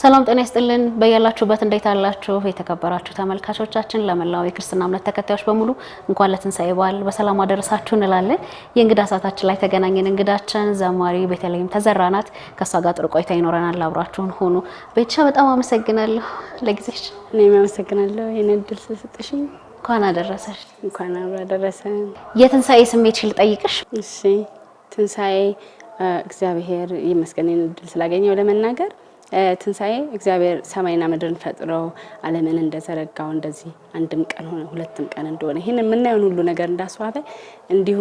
ሰላም ጤና ይስጥልን። በያላችሁበት እንዴት አላችሁ? የተከበራችሁ ተመልካቾቻችን፣ ለመላው የክርስትና እምነት ተከታዮች በሙሉ እንኳን ለትንሳኤ በዓል በሰላም አደረሳችሁ እንላለን። የእንግዳ ሰዓታችን ላይ ተገናኘን። እንግዳችን ዘማሪ ቤተልሔም ተዘራ ናት። ከእሷ ጋር ጥሩ ቆይታ ይኖረናል። አብራችሁን ሆኑ። ቤተሻ በጣም አመሰግናለሁ ለጊዜሽ። እኔም አመሰግናለሁ ይህን እድል ስለሰጠሽኝ። እንኳን አደረሰሽ። እንኳን አብሮ አደረሰን። የትንሳኤ ስሜት ሽል ጠይቅሽ። እሺ፣ ትንሳኤ እግዚአብሔር ይመስገን ይህን እድል ስላገኘው ለመናገር ትንሣኤ እግዚአብሔር ሰማይና ምድርን ፈጥሮ ዓለምን እንደዘረጋው እንደዚህ አንድም ቀን ሆነ ሁለትም ቀን እንደሆነ ይህን የምናየውን ሁሉ ነገር እንዳስዋበ እንዲሁ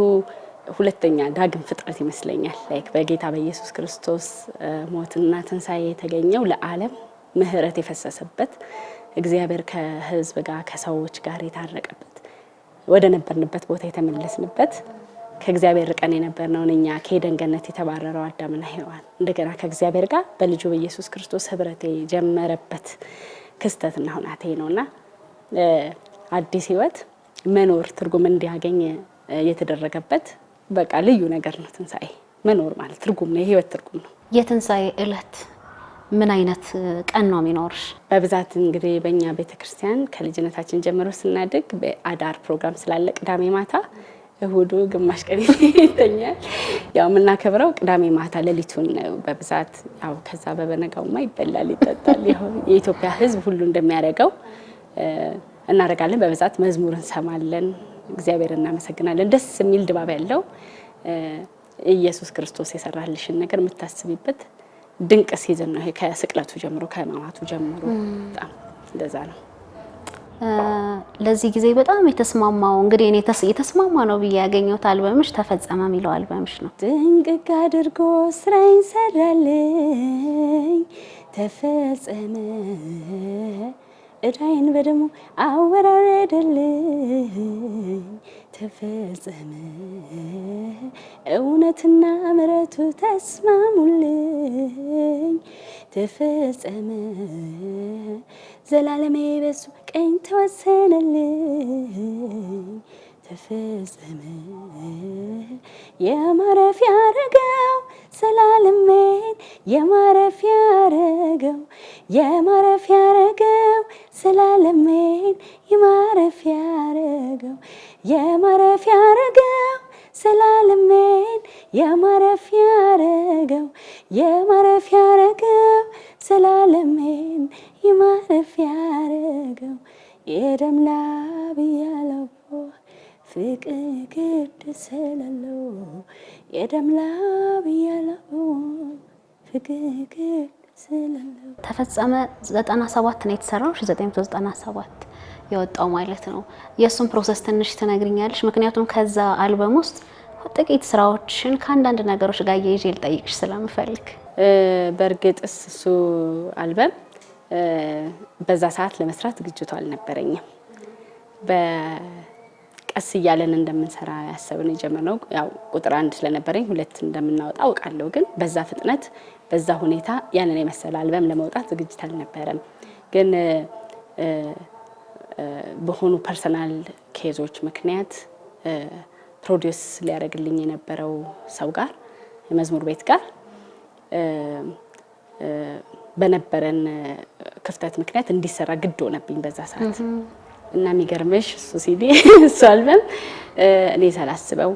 ሁለተኛ ዳግም ፍጥረት ይመስለኛል። ላይክ በጌታ በኢየሱስ ክርስቶስ ሞትና ትንሣኤ የተገኘው ለዓለም ምሕረት የፈሰሰበት እግዚአብሔር ከሕዝብ ጋር ከሰዎች ጋር የታረቀበት ወደ ነበርንበት ቦታ የተመለስንበት ከእግዚአብሔር ርቀን የነበርነውን እኛ ከኤደን ገነት የተባረረው አዳምና ሔዋን እንደገና ከእግዚአብሔር ጋር በልጁ በኢየሱስ ክርስቶስ ህብረት የጀመረበት ክስተትና ሁናቴ ነውና አዲስ ህይወት መኖር ትርጉም እንዲያገኝ የተደረገበት በቃ ልዩ ነገር ነው። ትንሣኤ መኖር ማለት ትርጉም ነው፣ የህይወት ትርጉም ነው። የትንሣኤ እለት ምን አይነት ቀን ነው የሚኖርሽ? በብዛት እንግዲህ በእኛ ቤተክርስቲያን ከልጅነታችን ጀምሮ ስናድግ በአዳር ፕሮግራም ስላለ ቅዳሜ ማታ እሁዱ ግማሽ ቀን ይተኛል። ያው የምናከብረው ቅዳሜ ማታ ሌሊቱን ነው በብዛት ያው ከዛ በበነጋውማ ይበላል ይጠጣል። ያው የኢትዮጵያ ሕዝብ ሁሉ እንደሚያደርገው እናደርጋለን። በብዛት መዝሙር እንሰማለን፣ እግዚአብሔር እናመሰግናለን። ደስ የሚል ድባብ ያለው ኢየሱስ ክርስቶስ የሰራልሽን ነገር የምታስቢበት ድንቅ ሲዝን ነው ከስቅለቱ ጀምሮ ከማማቱ ጀምሮ በጣም እንደዛ ነው። ለዚህ ጊዜ በጣም የተስማማው እንግዲህ እኔ የተስማማ ነው ብዬ ያገኘሁት አልበምሽ ተፈጸመ የሚለው አልበምሽ ነው። ጥንቅቅ አድርጎ ስራዬን ሰራልኝ ተፈጸመ እዳይን በደሞ አወራረደልኝ ተፈጸመ። እውነትና ምረቱ ተስማሙልኝ ተፈጸመ። ዘላለሜ በሱ ቀኝ ተወሰነልኝ ተፈጸመ። የማረፊያ አረገው ዘላለሜን የማረፊያ አረገው የማረፊያ አረገው ስላለመን የማረፊያ አረገው የማረፊያ አረገው ስላለሜን የማረፊያ አረገው የማረፊያ አረገው ስላለሜን የማረፊያ አረገው የደም ላብ ያለው ፍቅር ግድ ስለለው የደም ላብ ያለው ፍቅር ተፈጸመ 97 ነው የተሰራው 1997 የወጣው ማለት ነው። የእሱን ፕሮሰስ ትንሽ ትነግርኛለሽ? ምክንያቱም ከዛ አልበም ውስጥ ጥቂት ስራዎችን ከአንዳንድ ነገሮች ጋር እየይዤ ልጠይቅሽ ስለምፈልግ። በእርግጥስ እሱ አልበም በዛ ሰዓት ለመስራት ዝግጅቱ አልነበረኝም። በቀስ እያለን እንደምንሰራ ያሰብን የጀመርነው ያው ቁጥር አንድ ስለነበረኝ ሁለት እንደምናወጣ አውቃለሁ፣ ግን በዛ ፍጥነት በዛ ሁኔታ ያንን የመሰለ አልበም ለመውጣት ዝግጅት አልነበረም። ግን በሆኑ ፐርሰናል ኬዞች ምክንያት ፕሮዲውስ ሊያደርግልኝ የነበረው ሰው ጋር የመዝሙር ቤት ጋር በነበረን ክፍተት ምክንያት እንዲሰራ ግድ ሆነብኝ በዛ ሰዓት እና የሚገርምሽ እሱ ሲዲ እሱ አልበም እኔ ሳላስበው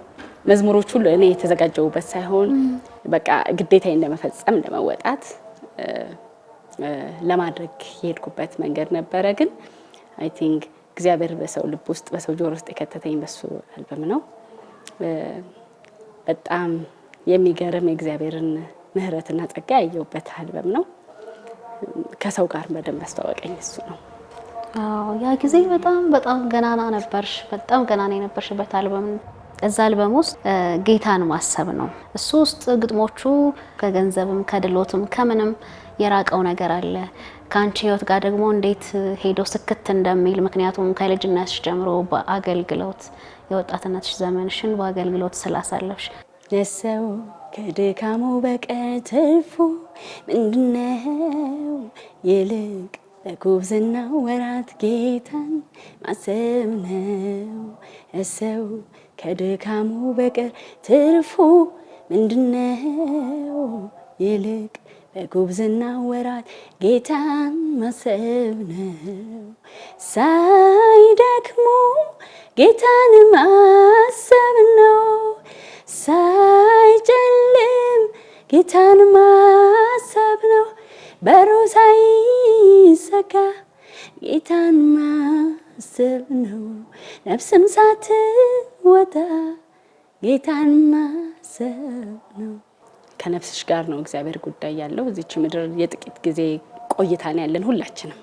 መዝሙሮች ሁሉ እኔ የተዘጋጀውበት ሳይሆን በቃ ግዴታዬ እንደመፈጸም ለመወጣት ለማድረግ የሄድኩበት መንገድ ነበረ። ግን አይ ቲንክ እግዚአብሔር በሰው ልብ ውስጥ በሰው ጆሮ ውስጥ የከተተኝ በሱ አልበም ነው። በጣም የሚገርም የእግዚአብሔርን ምሕረትና ጸጋ ያየውበት አልበም ነው። ከሰው ጋር በደንብ ያስተዋወቀኝ እሱ ነው። ያ ጊዜ በጣም በጣም ገናና ነበርሽ፣ በጣም ገናና የነበርሽበት አልበም ነው። እዛ አልበም ውስጥ ጌታን ማሰብ ነው። እሱ ውስጥ ግጥሞቹ ከገንዘብም ከድሎትም ከምንም የራቀው ነገር አለ ከአንቺ ህይወት ጋር ደግሞ እንዴት ሄዶ ስክት እንደሚል ምክንያቱም ከልጅነትሽ ጀምሮ በአገልግሎት የወጣትነትሽ ዘመንሽን በአገልግሎት ስላሳለፍሽ ለሰው ከድካሙ በቀር ትርፉ ምንድነው? ይልቅ በጉብዝና ወራት ጌታን ማሰብ ነው። ከድካሙ በቀር ትርፉ ምንድነው? ይልቅ በጉብዝና ወራት ጌታን ማሰብ ነው። ሳይደክሙ ጌታን ማሰብ ነው። ሳይጨልም ጌታን ማሰብ ነው። በሩ ሳይሰካ ጌታን ማ ሳስብ ነው ነፍስም ሳትወጣ ጌታን ማሰብ ነው። ከነፍስሽ ጋር ነው እግዚአብሔር ጉዳይ ያለው። እዚች ምድር የጥቂት ጊዜ ቆይታ ነው ያለን ሁላችንም።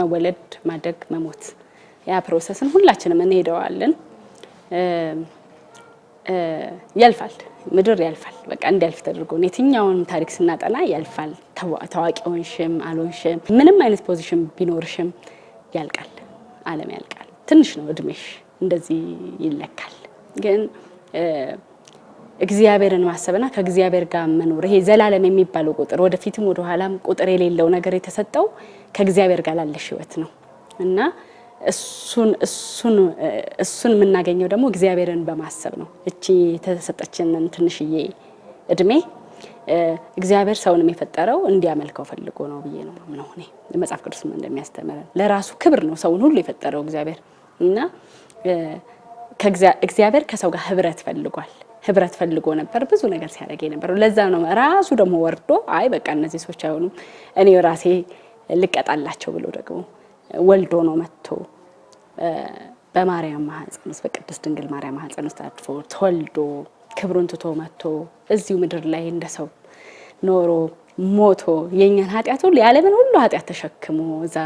መወለድ፣ ማደግ፣ መሞት ያ ፕሮሰስን ሁላችንም እንሄደዋለን። ያልፋል፣ ምድር ያልፋል። በቃ እንዲያልፍ ተደርጎ የትኛውን ታሪክ ስናጠና ያልፋል። ታዋቂ ሆንሽም አልሆንሽም ምንም አይነት ፖዚሽን ቢኖርሽም ያልቃል። ዓለም ያልቃል። ትንሽ ነው እድሜሽ እንደዚህ ይለካል። ግን እግዚአብሔርን ማሰብና ከእግዚአብሔር ጋር መኖር ይሄ ዘላለም የሚባለው ቁጥር ወደፊትም ወደኋላም ቁጥር የሌለው ነገር የተሰጠው ከእግዚአብሔር ጋር ላለሽ ህይወት ነው እና እሱን የምናገኘው ደግሞ እግዚአብሔርን በማሰብ ነው። እቺ የተሰጠችንን ትንሽዬ እድሜ እግዚአብሔር ሰውንም የፈጠረው እንዲያመልከው ፈልጎ ነው ብዬ ነው ምነው እኔ መጽሐፍ ቅዱስም እንደሚያስተምረን ለራሱ ክብር ነው ሰውን ሁሉ የፈጠረው እግዚአብሔር እና እግዚአብሔር ከሰው ጋር ህብረት ፈልጓል። ህብረት ፈልጎ ነበር ብዙ ነገር ሲያደርግ የነበረው። ለዛ ነው ራሱ ደግሞ ወርዶ አይ በቃ እነዚህ ሰዎች አይሆኑም እኔ ራሴ ልቀጣላቸው ብሎ ደግሞ ወልዶ ነው መጥቶ በማርያም ማህፀን ውስጥ በቅድስት ድንግል ማርያም ማህፀን ውስጥ አድፎ ተወልዶ ክብሩን ትቶ መጥቶ እዚሁ ምድር ላይ እንደሰው ኖሮ ሞቶ የእኛን ኃጢአት ሁሉ የዓለምን ሁሉ ኃጢአት ተሸክሞ እዛ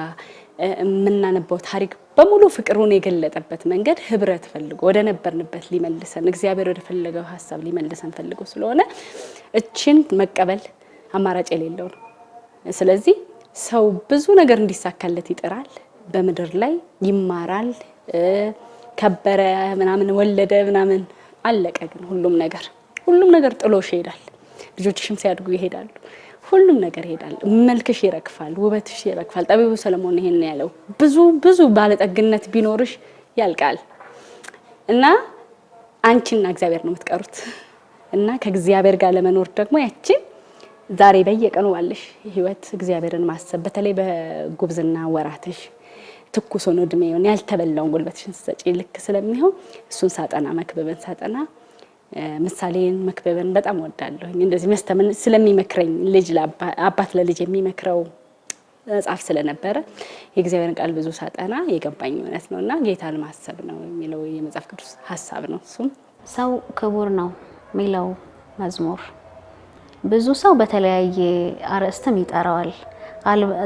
የምናነባው ታሪክ በሙሉ ፍቅሩን የገለጠበት መንገድ ህብረት ፈልጎ ወደ ነበርንበት ሊመልሰን እግዚአብሔር ወደ ፈለገው ሀሳብ ሊመልሰን ፈልጎ ስለሆነ እችን መቀበል አማራጭ የሌለው ነው። ስለዚህ ሰው ብዙ ነገር እንዲሳካለት ይጥራል፣ በምድር ላይ ይማራል፣ ከበረ ምናምን፣ ወለደ ምናምን አለቀ። ግን ሁሉም ነገር ሁሉም ነገር ጥሎሽ ይሄዳል። ልጆችሽም ሲያድጉ ይሄዳሉ። ሁሉም ነገር ይሄዳል። መልክሽ ይረግፋል፣ ውበትሽ ይረግፋል። ጠቢቡ ሰለሞን ይሄን ያለው ብዙ ብዙ ባለጠግነት ቢኖርሽ ያልቃል እና አንቺና እግዚአብሔር ነው የምትቀሩት እና ከእግዚአብሔር ጋር ለመኖር ደግሞ ያችን ዛሬ በየቀኑ ባለሽ ህይወት እግዚአብሔርን ማሰብ በተለይ በጉብዝና ወራትሽ ትኩስ ሆኖ እድሜ ሆን ያልተበላውን ጉልበትሽን ስሰጪ ልክ ስለሚሆን እሱን ሳጠና መክበበን ሳጠና ምሳሌን መክበበን በጣም ወዳለሁ። እንደዚህ መስተምን ስለሚመክረኝ ልጅ አባት ለልጅ የሚመክረው መጽሐፍ ስለነበረ የእግዚአብሔርን ቃል ብዙ ሳጠና የገባኝ እውነት ነው እና ጌታን ማሰብ ነው የሚለው የመጽሐፍ ቅዱስ ሀሳብ ነው። እሱም ሰው ክቡር ነው የሚለው መዝሙር ብዙ ሰው በተለያየ አርዕስትም ይጠራዋል።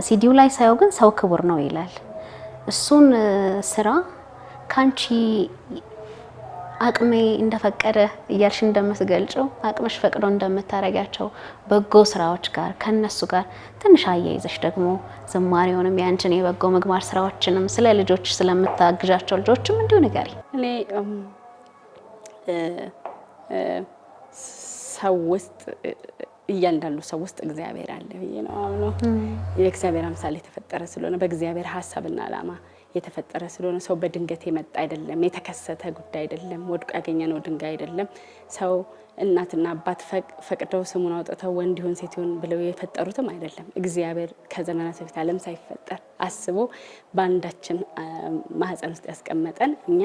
ሲዲው ላይ ሳየው ግን ሰው ክቡር ነው ይላል። እሱን ስራ ከአንቺ አቅሜ እንደፈቀደ እያልሽ እንደምትገልጨው አቅምሽ ፈቅዶ እንደምታረጊያቸው በጎ ስራዎች ጋር ከነሱ ጋር ትንሽ አያይዘሽ ደግሞ ዝማሬውንም ያንቺን የበጎ ምግባር ስራዎችንም ስለ ልጆች ስለምታግዣቸው ልጆችም እንዲሁ ንገሪ። እኔ ሰው ውስጥ እያንዳንዱ ሰው ውስጥ እግዚአብሔር አለ ብዬ ነው አምኖ የእግዚአብሔር አምሳል የተፈጠረ ስለሆነ በእግዚአብሔር ሀሳብና አላማ የተፈጠረ ስለሆነ ሰው በድንገት የመጣ አይደለም፣ የተከሰተ ጉዳይ አይደለም፣ ወድቆ ያገኘነው ድንጋይ አይደለም። ሰው እናትና አባት ፈቅደው ስሙን አውጥተው ወንድ ይሁን ሴት ይሁን ብለው የፈጠሩትም አይደለም። እግዚአብሔር ከዘመናት በፊት ዓለም ሳይፈጠር አስቦ በአንዳችን ማህፀን ውስጥ ያስቀመጠን እኛ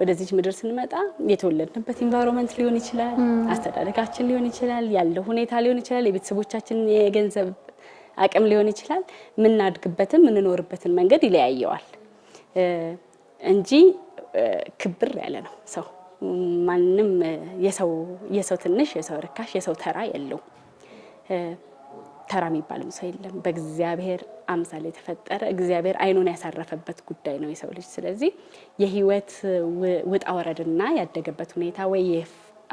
ወደዚች ምድር ስንመጣ የተወለድንበት ኢንቫይሮንመንት ሊሆን ይችላል፣ አስተዳደጋችን ሊሆን ይችላል፣ ያለው ሁኔታ ሊሆን ይችላል፣ የቤተሰቦቻችን የገንዘብ አቅም ሊሆን ይችላል። የምናድግበትን የምንኖርበትን መንገድ ይለያየዋል እንጂ ክብር ያለ ነው ሰው። ማንም የሰው ትንሽ፣ የሰው ርካሽ፣ የሰው ተራ የለውም። ተራ የሚባልም ሰው የለም። በእግዚአብሔር አምሳል የተፈጠረ እግዚአብሔር አይኑን ያሳረፈበት ጉዳይ ነው የሰው ልጅ። ስለዚህ የህይወት ውጣ ወረድና ያደገበት ሁኔታ ወይ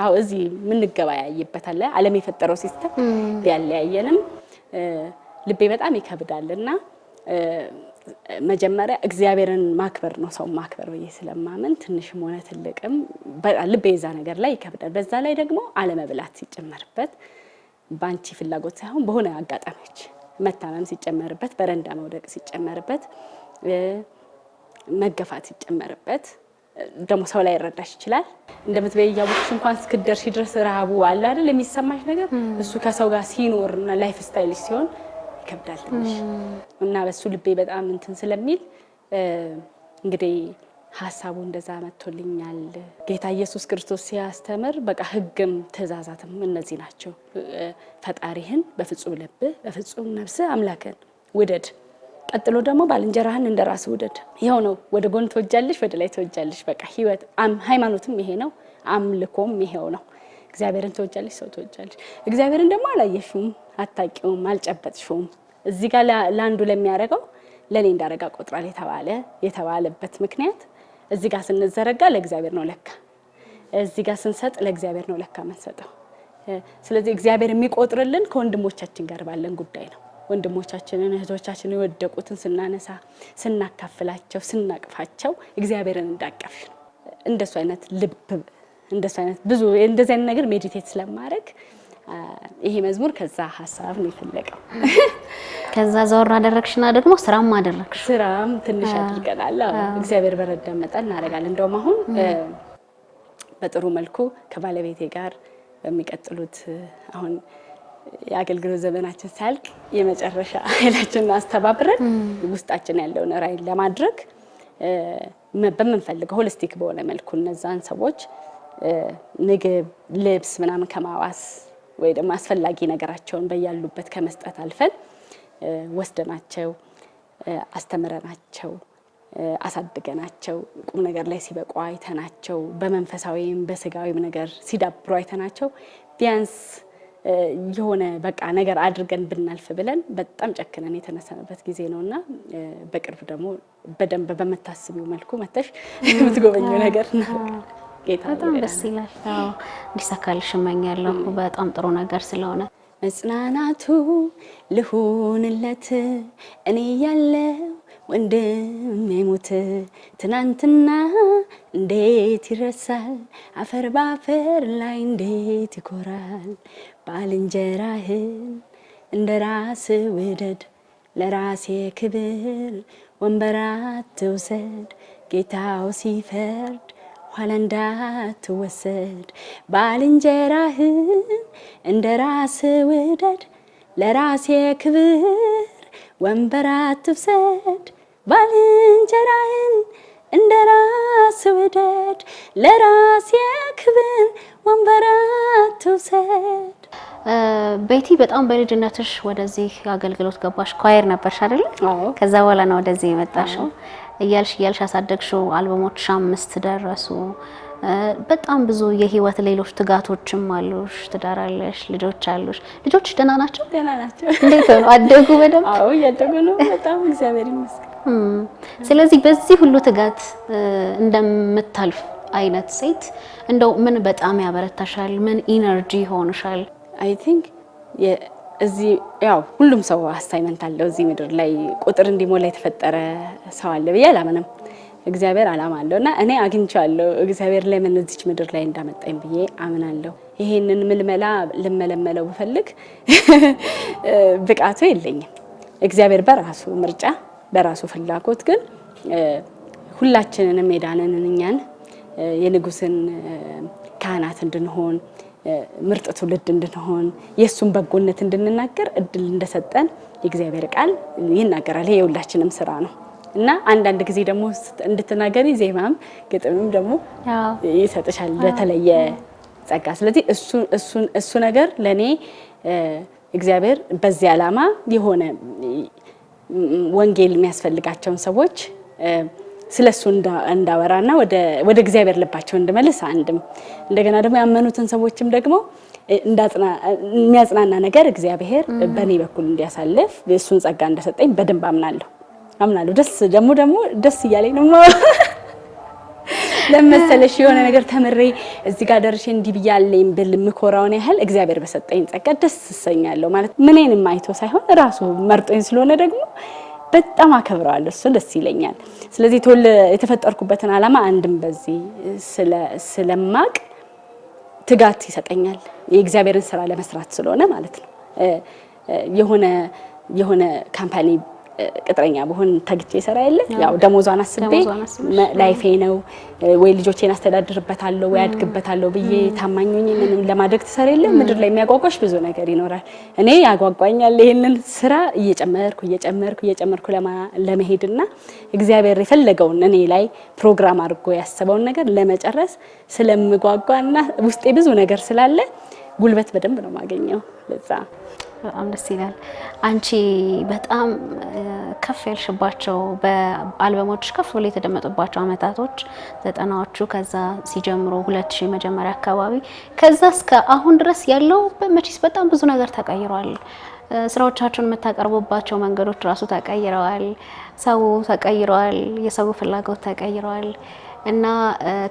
አዎ እዚህ የምንገበያይበታል ዓለም የፈጠረው ሲስተም ቢያለያየንም ልቤ በጣም ይከብዳል እና መጀመሪያ እግዚአብሔርን ማክበር ነው ሰው ማክበር ብዬ ስለማመን ትንሽም ሆነ ትልቅም ልቤ የዛ ነገር ላይ ይከብዳል። በዛ ላይ ደግሞ አለመብላት ሲጨመርበት በአንቺ ፍላጎት ሳይሆን በሆነ አጋጣሚዎች መታመም ሲጨመርበት፣ በረንዳ መውደቅ ሲጨመርበት፣ መገፋት ሲጨመርበት ደግሞ ሰው ላይ ይረዳሽ ይችላል። እንደምትበይ እያወቅሽ እንኳን እስክደርሽ ድረስ ረሃቡ አለ አይደል የሚሰማሽ ነገር እሱ ከሰው ጋር ሲኖር እና ላይፍ ስታይልሽ ሲሆን ይከብዳል ትንሽ እና በሱ ልቤ በጣም እንትን ስለሚል እንግዲህ ሀሳቡ እንደዛ መጥቶልኛል። ጌታ ኢየሱስ ክርስቶስ ሲያስተምር በቃ ህግም ትእዛዛትም እነዚህ ናቸው። ፈጣሪህን በፍጹም ልብህ በፍጹም ነፍስህ አምላክን ውደድ። ቀጥሎ ደግሞ ባልንጀራህን እንደ ራስ ውደድ። ይኸው ነው። ወደ ጎን ትወጃለሽ፣ ወደ ላይ ትወጃለሽ። በቃ ህይወት ሃይማኖትም ይሄ ነው፣ አምልኮም ይሄው ነው። እግዚአብሔርን ትወጃለሽ፣ ሰው ትወጃለሽ። እግዚአብሔርን ደግሞ አላየሽውም፣ አታቂውም፣ አልጨበጥሽውም። እዚህ ጋር ለአንዱ ለሚያደርገው ለእኔ እንዳረጋ ቆጥራል የተባለ የተባለበት ምክንያት እዚህ ጋር ስንዘረጋ ለእግዚአብሔር ነው ለካ፣ እዚህ ጋር ስንሰጥ ለእግዚአብሔር ነው ለካ የምንሰጠው። ስለዚህ እግዚአብሔር የሚቆጥርልን ከወንድሞቻችን ጋር ባለን ጉዳይ ነው። ወንድሞቻችንን እህቶቻችንን የወደቁትን ስናነሳ፣ ስናካፍላቸው፣ ስናቅፋቸው እግዚአብሔርን እንዳቀፍ እንደሱ አይነት ልብ እንደሱ አይነት ብዙ እንደዚህ አይነት ነገር ሜዲቴት ስለማድረግ ይሄ መዝሙር ከዛ ሀሳብ ነው የፈለቀው። ከዛ ዘወር አደረግሽና ደግሞ ስራም አደረግሽ። ስራም ትንሽ አድርገናል። እግዚአብሔር በረዳ መጠን እናደርጋለን። እንደውም አሁን በጥሩ መልኩ ከባለቤቴ ጋር በሚቀጥሉት አሁን የአገልግሎት ዘመናችን ሲያልቅ የመጨረሻ ኃይላችንን አስተባብረን ውስጣችን ያለውን ራዕይ ለማድረግ በምንፈልገው ሆሊስቲክ በሆነ መልኩ እነዛን ሰዎች ምግብ፣ ልብስ ምናምን ከማዋስ ወይ ደግሞ አስፈላጊ ነገራቸውን በያሉበት ከመስጠት አልፈን ወስደናቸው አስተምረናቸው አሳድገናቸው ቁም ነገር ላይ ሲበቁ አይተናቸው በመንፈሳዊም በስጋዊም ነገር ሲዳብሩ አይተናቸው ቢያንስ የሆነ በቃ ነገር አድርገን ብናልፍ ብለን በጣም ጨክነን የተነሰነበት ጊዜ ነው እና በቅርብ ደግሞ በደንብ በምታስቢው መልኩ መተሽ የምትጎበኘው ነገር ነው። በጣም ደስ ይላል። እንዲሳካልሽ እመኛለሁ። በጣም ጥሩ ነገር ስለሆነ መጽናናቱ ልሁንለት እኔ ያለው ወንድም የሞት ትናንትና እንዴት ይረሳል? አፈር በአፈር ላይ እንዴት ይኮራል? ባልንጀራህን እንደ ራስ ውደድ፣ ለራሴ ክብር ወንበር ትውሰድ ጌታው ሲፈርድ ኋላ እንዳትወሰድ ባልንጀራህን እንደ ራስ ውደድ። ለራሴ ክብር ወንበር አትውሰድ። ባልንጀራህን እንደ ራስ ውደድ። ለራሴ ክብር ወንበር አትውሰድ። ቤቲ በጣም በልጅነትሽ ወደዚህ አገልግሎት ገባሽ። ኳየር ነበርሽ አይደለ? ከዛ በኋላ ነው ወደዚህ የመጣሽው። እያልሽ እያልሽ ያሳደግሽው አልበሞች አምስት ደረሱ። በጣም ብዙ የህይወት ሌሎች ትጋቶችም አሉሽ። ትዳር አለሽ፣ ልጆች አሉሽ። ልጆች ደህና ናቸው? ደህና ናቸው። እንዴት ነው አደጉ? በደንብ አዎ፣ እያደጉ ነው በጣም እግዚአብሔር ይመስገን። ስለዚህ በዚህ ሁሉ ትጋት እንደምታልፍ አይነት ሴት እንደው ምን በጣም ያበረታሻል? ምን ኢነርጂ ይሆንሻል? አይ ቲንክ እዚህ ያው ሁሉም ሰው አሳይመንት አለው እዚህ ምድር ላይ ቁጥር እንዲሞላ የተፈጠረ ሰው አለ ብዬ አላምንም። እግዚአብሔር አላማ አለው እና እኔ አግኝቻለሁ። እግዚአብሔር ለምን እዚች ምድር ላይ እንዳመጣኝ ብዬ አምናለሁ። ይሄንን ምልመላ ልመለመለው ብፈልግ ብቃቱ የለኝም። እግዚአብሔር በራሱ ምርጫ በራሱ ፍላጎት ግን ሁላችንንም የዳነንን እኛን የንጉስን ካህናት እንድንሆን ምርጥ ትውልድ እንድንሆን የእሱን በጎነት እንድንናገር እድል እንደሰጠን የእግዚአብሔር ቃል ይናገራል። ይሄ የሁላችንም ስራ ነው እና አንዳንድ ጊዜ ደግሞ እንድትናገሪ ዜማም ግጥምም ደግሞ ይሰጥሻል በተለየ ጸጋ። ስለዚህ እሱ ነገር ለእኔ እግዚአብሔር በዚህ ዓላማ የሆነ ወንጌል የሚያስፈልጋቸውን ሰዎች ስለ እሱ እንዳወራና ወደ እግዚአብሔር ልባቸው እንድመልስ አንድም እንደገና ደግሞ ያመኑትን ሰዎችም ደግሞ የሚያጽናና ነገር እግዚአብሔር በእኔ በኩል እንዲያሳልፍ እሱን ጸጋ እንደሰጠኝ በደንብ አምናለሁ አምናለሁ። ደስ ደግሞ ደግሞ ደስ እያለኝ ነው ለመሰለሽ የሆነ ነገር ተምሬ እዚህ ጋር ደርሼ እንዲህ ብያለኝ ብል የምኮራውን ያህል እግዚአብሔር በሰጠኝ ጸጋ ደስ እሰኛለሁ ማለት ምንንም አይቶ ሳይሆን ራሱ መርጦኝ ስለሆነ ደግሞ በጣም አከብረዋለሁ። እሱ ደስ ይለኛል። ስለዚህ የተፈጠርኩበትን ዓላማ አንድም በዚህ ስለማቅ ትጋት ይሰጠኛል። የእግዚአብሔርን ስራ ለመስራት ስለሆነ ማለት ነው የሆነ የሆነ ካምፓኒ ቅጥረኛ መሆን ተግቼ ይሰራ የለ ያው ደሞዟን አስቤ ላይፌ ነው ወይ ልጆቼን አስተዳድርበታለሁ ወይ አድግበታለሁ ብዬ ታማኙኝ ምንም ለማድረግ ትሰራ የለ ምድር ላይ የሚያጓጓሽ ብዙ ነገር ይኖራል። እኔ ያጓጓኛል ይህንን ስራ እየጨመርኩ እየጨመርኩ እየጨመርኩ ለመሄድና እግዚአብሔር የፈለገውን እኔ ላይ ፕሮግራም አድርጎ ያሰበውን ነገር ለመጨረስ ስለምጓጓና ውስጤ ብዙ ነገር ስላለ ጉልበት በደንብ ነው የማገኘው ለዛ በጣም ደስ ይላል። አንቺ በጣም ከፍ ያልሽባቸው በአልበሞች ከፍ ብሎ የተደመጡባቸው አመታቶች ዘጠናዎቹ፣ ከዛ ሲጀምሩ ሁለት ሺህ መጀመሪያ አካባቢ ከዛ እስከ አሁን ድረስ ያለው መቼስ በጣም ብዙ ነገር ተቀይሯል። ስራዎቻችሁን የምታቀርቡባቸው መንገዶች ራሱ ተቀይረዋል። ሰው ተቀይረዋል። የሰው ፍላጎት ተቀይረዋል እና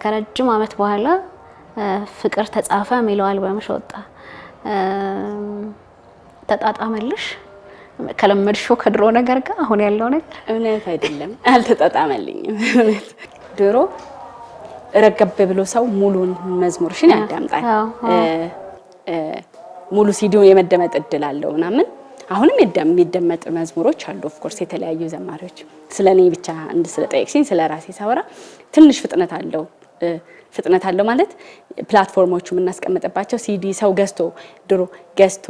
ከረጅም አመት በኋላ ፍቅር ተጻፈ የሚለው አልበምሽ ወጣ። ተጣጣመልሽ? ከለመድሽው ከድሮ ነገር ጋር አሁን ያለው ነገር እውነት አይደለም። አልተጣጣመልኝም። ድሮ ረገብ ብሎ ሰው ሙሉን መዝሙርሽን ያዳምጣል። ሙሉ ሲዲ የመደመጥ እድል አለው ምናምን። አሁንም የሚደመጥ መዝሙሮች አሉ። ኦፍኮርስ የተለያዩ ዘማሪዎች። ስለ እኔ ብቻ እንድ ስለ ስለ ራሴ ሳወራ ትንሽ ፍጥነት አለው ፍጥነት አለው ማለት ፕላትፎርሞቹ የምናስቀምጥባቸው ሲዲ ሰው ገዝቶ ድሮ ገዝቶ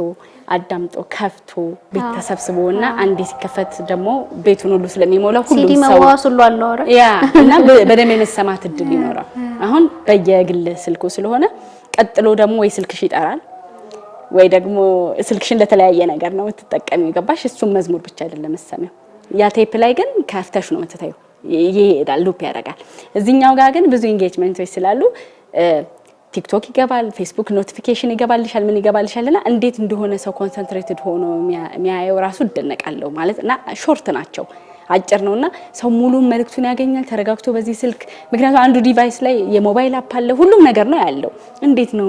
አዳምጦ ከፍቶ ቤት ተሰብስቦ እና አንዴ ሲከፈት ደግሞ ቤቱን ሁሉ ስለሚሞላው ሁሉ ያ እና በደንብ የመሰማት እድል ይኖረው። አሁን በየግል ስልኩ ስለሆነ ቀጥሎ ደግሞ ወይ ስልክሽ ይጠራል ወይ ደግሞ ስልክሽን ለተለያየ ነገር ነው የምትጠቀሚው። ገባሽ? እሱም መዝሙር ብቻ አይደለም መሰሚያው። ያ ቴፕ ላይ ግን ከፍተሽ ነው የምትታዩ ይሄዳል፣ ሉፕ ያደርጋል። እዚህኛው ጋር ግን ብዙ ኢንጌጅመንቶች ስላሉ ቲክቶክ ይገባል፣ ፌስቡክ ኖቲፊኬሽን ይገባልሻል፣ ምን ይገባልሻል። እና እንዴት እንደሆነ ሰው ኮንሰንትሬትድ ሆኖ የሚያየው ራሱ እደነቃለሁ ማለት እና ሾርት ናቸው አጭር ነው እና ሰው ሙሉ መልእክቱን ያገኛል ተረጋግቶ በዚህ ስልክ። ምክንያቱም አንዱ ዲቫይስ ላይ የሞባይል አፕ አለ፣ ሁሉም ነገር ነው ያለው። እንዴት ነው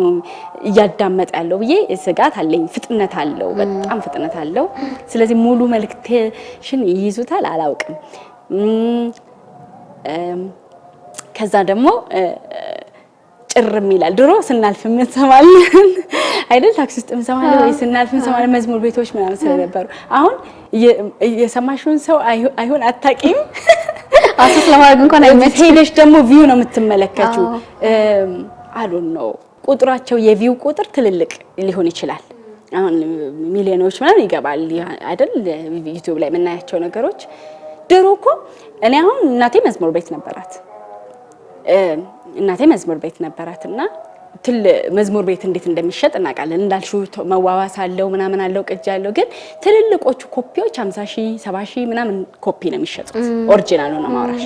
እያዳመጠ ያለው ብዬ ስጋት አለኝ። ፍጥነት አለው፣ በጣም ፍጥነት አለው። ስለዚህ ሙሉ መልእክቴሽን ይይዙታል አላውቅም። ከዛ ደግሞ ጭርም ይላል። ድሮ ስናልፍ እንሰማለን አይደል? ታክሲ ውስጥ እንሰማለን ወይ ስናልፍ እንሰማለን። መዝሙር ቤቶች ምናምን ስለነበሩ አሁን የሰማሽውን ሰው አይሆን አታቂም። አሰስ ለማድረግ እንኳን አይመች። ሄደሽ ደግሞ ቪው ነው የምትመለከችው። አሉን ነው ቁጥራቸው የቪው ቁጥር ትልልቅ ሊሆን ይችላል። አሁን ሚሊዮኖች ምናምን ይገባል አይደል? ዩቲዩብ ላይ የምናያቸው ነገሮች ድሮ እኮ እኔ አሁን እናቴ መዝሙር ቤት ነበራት እናቴ መዝሙር ቤት ነበራት እና ትል መዝሙር ቤት እንዴት እንደሚሸጥ እናውቃለን። እንዳልሹ መዋዋስ አለው ምናምን አለው ቅጅ አለው። ግን ትልልቆቹ ኮፒዎች 50 ሺ 70 ሺ ምናምን ኮፒ ነው የሚሸጡት። ኦሪጂናሉ ነው ማውራሽ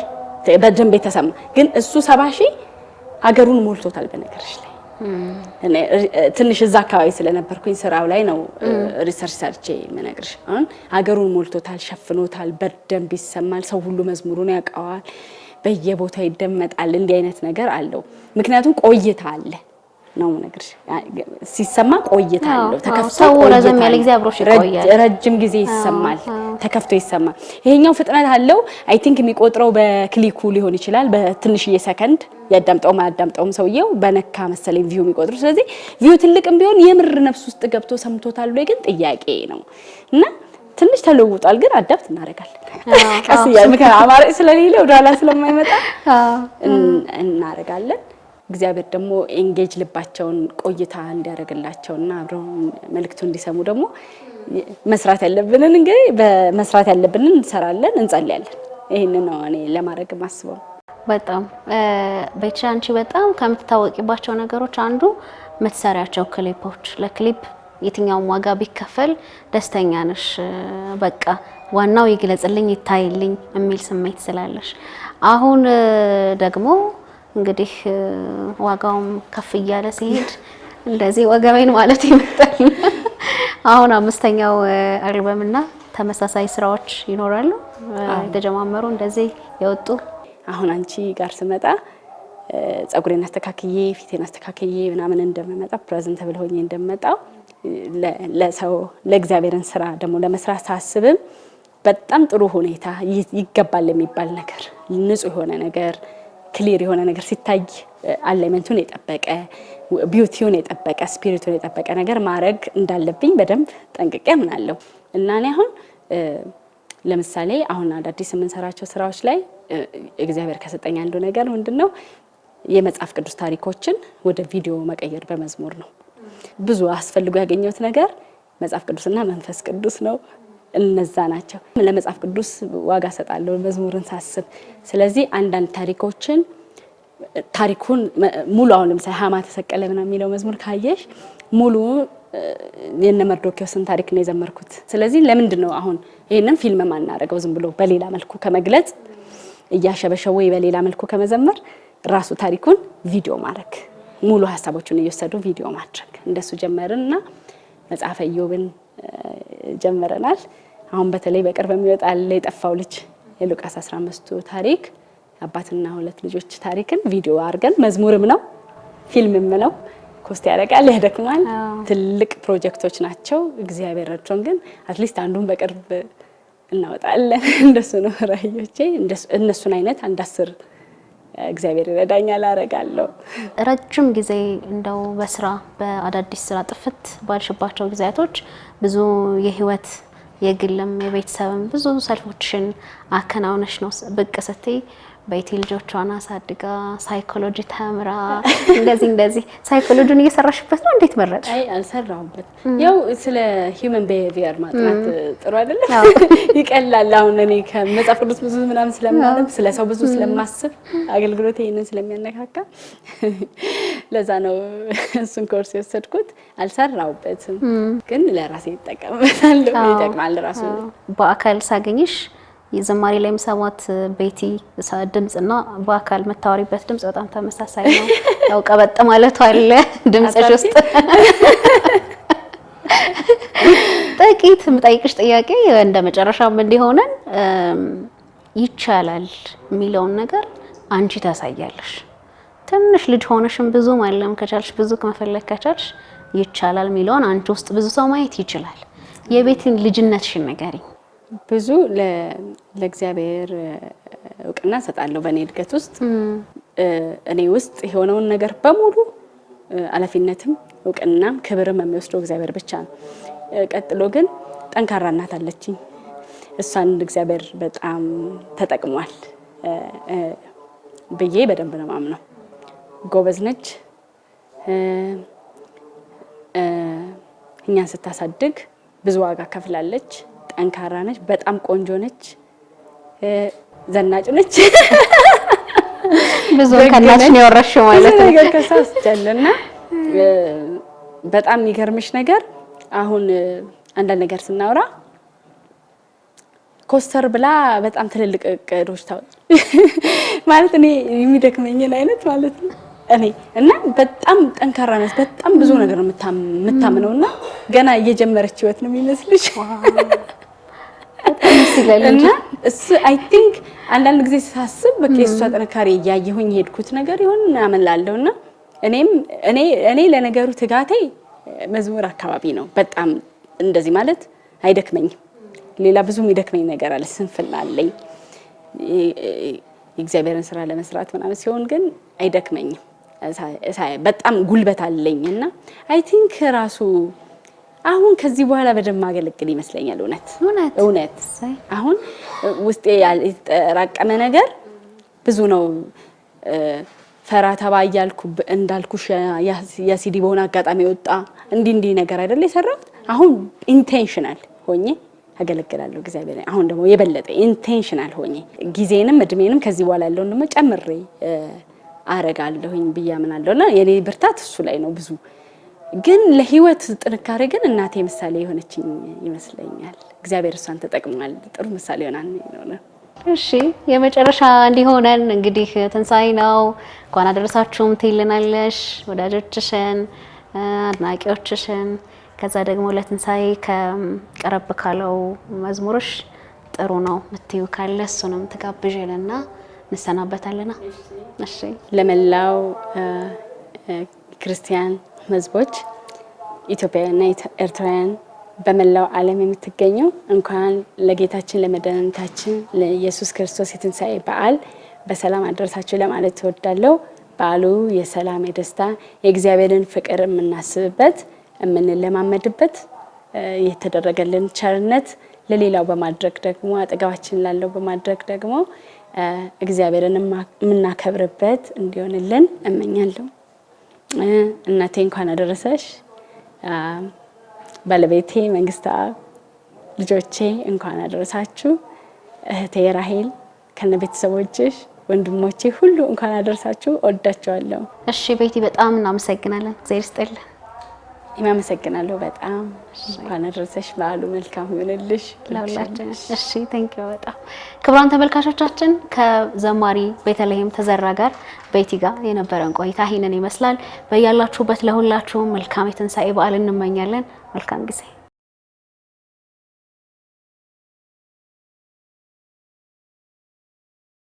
በደንብ የተሰማ ግን እሱ 70 ሺ ሀገሩን ሞልቶታል በነገርሽ ላይ ትንሽ እዛ አካባቢ ስለነበርኩኝ ስራው ላይ ነው ሪሰርች ሰርቼ የምነግርሽ። አሁን ሀገሩን ሞልቶታል፣ ሸፍኖታል፣ በደንብ ይሰማል። ሰው ሁሉ መዝሙሩን ያውቀዋል፣ በየቦታው ይደመጣል። እንዲህ አይነት ነገር አለው። ምክንያቱም ቆይታ አለ ነው ነገር ሲሰማ ቆይታ ተከፍቶ ረዘም ያለ ጊዜ አብሮሽ ይቆያል። ረጅም ጊዜ ይሰማል፣ ተከፍቶ ይሰማል። ይሄኛው ፍጥነት አለው። አይ ቲንክ የሚቆጥረው በክሊኩ ሊሆን ይችላል። በትንሽዬ ሰከንድ ያዳምጠውም አያዳምጠውም ሰውየው በነካ መሰለኝ ቪው የሚቆጥሩ። ስለዚህ ቪው ትልቅም ቢሆን የምር ነፍስ ውስጥ ገብቶ ሰምቶታል ወይ ግን ጥያቄ ነው እና ትንሽ ተለውጧል፣ ግን አዳብት እናደርጋለን። ቀስ እያልን አማራጭ ስለሌለ ወደኋላ ስለማይመጣ እናደርጋለን። እግዚአብሔር ደግሞ ኤንጌጅ ልባቸውን ቆይታ እንዲያደርግላቸውና አብረው መልእክቱ እንዲሰሙ ደግሞ መስራት ያለብንን እንግዲህ በመስራት ያለብንን እንሰራለን፣ እንጸልያለን። ይህን ነው እኔ ለማድረግ ማስበው። በጣም ቤትሽ አንቺ በጣም ከምትታወቂባቸው ነገሮች አንዱ ምትሰሪያቸው ክሊፖች፣ ለክሊፕ የትኛውም ዋጋ ቢከፈል ደስተኛ ነሽ። በቃ ዋናው ይግለጽልኝ፣ ይታይልኝ የሚል ስሜት ስላለሽ አሁን ደግሞ እንግዲህ ዋጋውም ከፍ እያለ ሲሄድ እንደዚህ ወገቤን ማለት ይመጣል። አሁን አምስተኛው እና ተመሳሳይ ስራዎች ይኖራሉ የተጀማመሩ እንደዚህ የወጡ። አሁን አንቺ ጋር ስመጣ ጸጉሬን አስተካክዬ ፊቴን አስተካክዬ ምናምን እንደምመጣ ፕሬዘንተብል ሆኜ እንደምመጣው ለሰው ለእግዚአብሔርን ስራ ደግሞ ለመስራት ሳስብም በጣም ጥሩ ሁኔታ ይገባል የሚባል ነገር ንጹህ የሆነ ነገር ክሊር የሆነ ነገር ሲታይ አላይመንቱን የጠበቀ ቢዩቲውን የጠበቀ ስፒሪቱን የጠበቀ ነገር ማድረግ እንዳለብኝ በደንብ ጠንቅቄ አምናለሁ እና እኔ አሁን ለምሳሌ አሁን አዳዲስ የምንሰራቸው ስራዎች ላይ እግዚአብሔር ከሰጠኝ አንዱ ነገር ምንድን ነው የመጽሐፍ ቅዱስ ታሪኮችን ወደ ቪዲዮ መቀየር በመዝሙር ነው። ብዙ አስፈልጎ ያገኘሁት ነገር መጽሐፍ ቅዱስና መንፈስ ቅዱስ ነው። እነዛ ናቸው። ለመጽሐፍ ቅዱስ ዋጋ ሰጣለሁ መዝሙርን ሳስብ። ስለዚህ አንዳንድ ታሪኮችን ታሪኩን ሙሉ አሁን ለምሳሌ ሀማ ተሰቀለ ምና የሚለው መዝሙር ካየሽ ሙሉ የነ መርዶኪዎስን ታሪክ ነው የዘመርኩት። ስለዚህ ለምንድን ነው አሁን ይህንን ፊልም ማናደርገው? ዝም ብሎ በሌላ መልኩ ከመግለጽ እያሸበሸ ወይ በሌላ መልኩ ከመዘመር ራሱ ታሪኩን ቪዲዮ ማድረግ ሙሉ ሀሳቦቹን እየወሰዱ ቪዲዮ ማድረግ እንደሱ ጀመርን እና መጽሐፈ ኢዮብን ጀምረናል። አሁን በተለይ በቅርብ የሚወጣ የጠፋው ልጅ የሉቃስ 15 ታሪክ አባትና ሁለት ልጆች ታሪክን ቪዲዮ አድርገን መዝሙርም ነው ፊልምም ነው። ኮስት ያደርጋል፣ ያደክማል። ትልቅ ፕሮጀክቶች ናቸው። እግዚአብሔር ረድቶን ግን አትሊስት አንዱን በቅርብ እናወጣለን። እንደሱ ነው ራዮቼ። እነሱን አይነት አንድ አስር እግዚአብሔር ይረዳኛል አረጋለሁ። ረጅም ጊዜ እንደው በስራ በአዳዲስ ስራ ጥፍት ባልሽባቸው ጊዜያቶች ብዙ የህይወት የግልም የቤተሰብም ብዙ ሰልፎችን አከናውነሽ ነው ብቅ ስትይ በኢቲ ልጆቿን አሳድጋ ሳይኮሎጂ ተምራ እንደዚህ እንደዚህ ሳይኮሎጂን እየሰራሽበት ነው። እንዴት መረጥ? አይ አልሰራሁበት። ያው ስለ ሂውመን ቢሄቪየር ማጥናት ጥሩ አይደለም፣ ይቀላል። አሁን እኔ ከመጽሐፍ ቅዱስ ብዙ ምናምን ስለማለም ስለ ሰው ብዙ ስለማስብ አገልግሎት ይህንን ስለሚያነካካ ለዛ ነው እሱን ኮርስ የወሰድኩት። አልሰራሁበትም፣ ግን ለራሴ ይጠቀምበታል። ይጠቅማል ራሱ በአካል ሳገኝሽ የዘማሪ ላይ የምሰማት ቤቲ ድምፅና በአካል መታወሪበት ድምፅ በጣም ተመሳሳይ ነው። ያው ቀበጥ ማለቱ አለ ድምፅሽ ውስጥ። ጥቂት የምጠይቅሽ ጥያቄ እንደ መጨረሻም እንዲሆነን ይቻላል የሚለውን ነገር አንቺ ታሳያለሽ። ትንሽ ልጅ ሆነሽም ብዙ ማለም ከቻልሽ ብዙ ከመፈለግ ከቻልሽ ይቻላል የሚለውን አንቺ ውስጥ ብዙ ሰው ማየት ይችላል። የቤትን ልጅነትሽን ንገሪኝ። ብዙ ለእግዚአብሔር እውቅና እሰጣለሁ። በእኔ እድገት ውስጥ እኔ ውስጥ የሆነውን ነገር በሙሉ ኃላፊነትም እውቅናም ክብርም የሚወስደው እግዚአብሔር ብቻ ነው። ቀጥሎ ግን ጠንካራ እናት አለችኝ። እሷን እግዚአብሔር በጣም ተጠቅሟል ብዬ በደንብ ነው ጎበዝ ነች። እኛን ስታሳድግ ብዙ ዋጋ ከፍላለች። ጠንካራ ነች፣ በጣም ቆንጆ ነች፣ ዘናጭ ነች። ብዙ ከናሽ ነው ያወራሽው ማለት ነው። ነገር ከሳስቻለና በጣም የሚገርምሽ ነገር አሁን አንዳንድ ነገር ስናወራ ኮስተር ብላ በጣም ትልልቅ እቅዶች ታወጥ ማለት እኔ የሚደክመኝን አይነት ማለት ነው እኔ እና በጣም ጠንካራ ናት። በጣም ብዙ ነገር የምታምነውና ገና እየጀመረች ህይወት ነው የሚመስልሽ። ደስ ይላል እና እሱ አይ ቲንክ አንዳንድ ጊዜ ሳስብ በቃ የእሷ ጥንካሬ እያየሁኝ ሄድኩት ነገር ይሆን እናምላለሁ እና እኔም እኔ እኔ ለነገሩ ትጋቴ መዝሙር አካባቢ ነው። በጣም እንደዚህ ማለት አይደክመኝም። ሌላ ብዙ የሚደክመኝ ነገር አለ፣ ስንፍና አለኝ የእግዚአብሔርን ስራ ለመስራት ምናምን ሲሆን ግን አይደክመኝም። በጣም ጉልበት አለኝ እና አይ ቲንክ ራሱ አሁን ከዚህ በኋላ በደንብ ማገለግል ይመስለኛል። እውነት እውነት አሁን ውስጤ የተጠራቀመ ነገር ብዙ ነው። ፈራ ተባ እያልኩ እንዳልኩሽ የሲዲ በሆነ አጋጣሚ ወጣ እንዲህ እንዲህ ነገር አይደለ የሰራሁት። አሁን ኢንቴንሽናል ሆኜ አገለግላለሁ እግዚአብሔር። አሁን ደግሞ የበለጠ ኢንቴንሽናል ሆኜ ጊዜንም እድሜንም ከዚህ በኋላ ያለውን ደግሞ ጨምሬ አረጋለሁኝ ብዬ አምናለሁ እና የኔ ብርታት እሱ ላይ ነው ብዙ ግን ለህይወት ጥንካሬ ግን እናቴ ምሳሌ የሆነችኝ ይመስለኛል። እግዚአብሔር እሷን ተጠቅሟል። ጥሩ ምሳሌ ሆና ነው። እሺ የመጨረሻ እንዲሆነን እንግዲህ ትንሳኤ ነው። እንኳን አደረሳችሁም ትይልናለሽ ወዳጆችሽን፣ አድናቂዎችሽን። ከዛ ደግሞ ለትንሳኤ ከቀረብ ካለው መዝሙሮች ጥሩ ነው ምትዩ ካለ እሱንም ትጋብዥንና እንሰናበታለና። ለመላው ክርስቲያን ህዝቦች ኢትዮጵያውያንና ኤርትራውያን በመላው ዓለም የምትገኙ እንኳን ለጌታችን ለመድኃኒታችን ለኢየሱስ ክርስቶስ የትንሣኤ በዓል በሰላም አደረሳችሁ ለማለት ትወዳለሁ። በዓሉ የሰላም የደስታ፣ የእግዚአብሔርን ፍቅር የምናስብበት የምንለማመድበት የተደረገልን ቸርነት ለሌላው በማድረግ ደግሞ አጠገባችን ላለው በማድረግ ደግሞ እግዚአብሔርን የምናከብርበት እንዲሆንልን እመኛለሁ። እናቴ እንኳን አደረሰሽ፣ ባለቤቴ መንግስት አብ፣ ልጆቼ እንኳን አደረሳችሁ፣ እህቴ ራሄል ከነ ቤተሰቦችሽ ወንድሞቼ ሁሉ እንኳን አደረሳችሁ። ወዳቸዋለሁ። እሺ ቤቲ፣ በጣም እናመሰግናለን። እግዚአብሔር ይስጥልን። የሚያመሰግናለሁ በጣም እንኳን አደረሰሽ። በዓሉ መልካም ይሆንልሽ ለሁላችን። እሺ ቴንክ ዩ በጣም ክቡራን ተመልካቾቻችን ከዘማሪ ቤተልሔም ተዘራ ጋር ቤቲ ጋር የነበረን ቆይታ ይህንን ይመስላል። በያላችሁበት ለሁላችሁም መልካም የትንሣኤ በዓል እንመኛለን። መልካም ጊዜ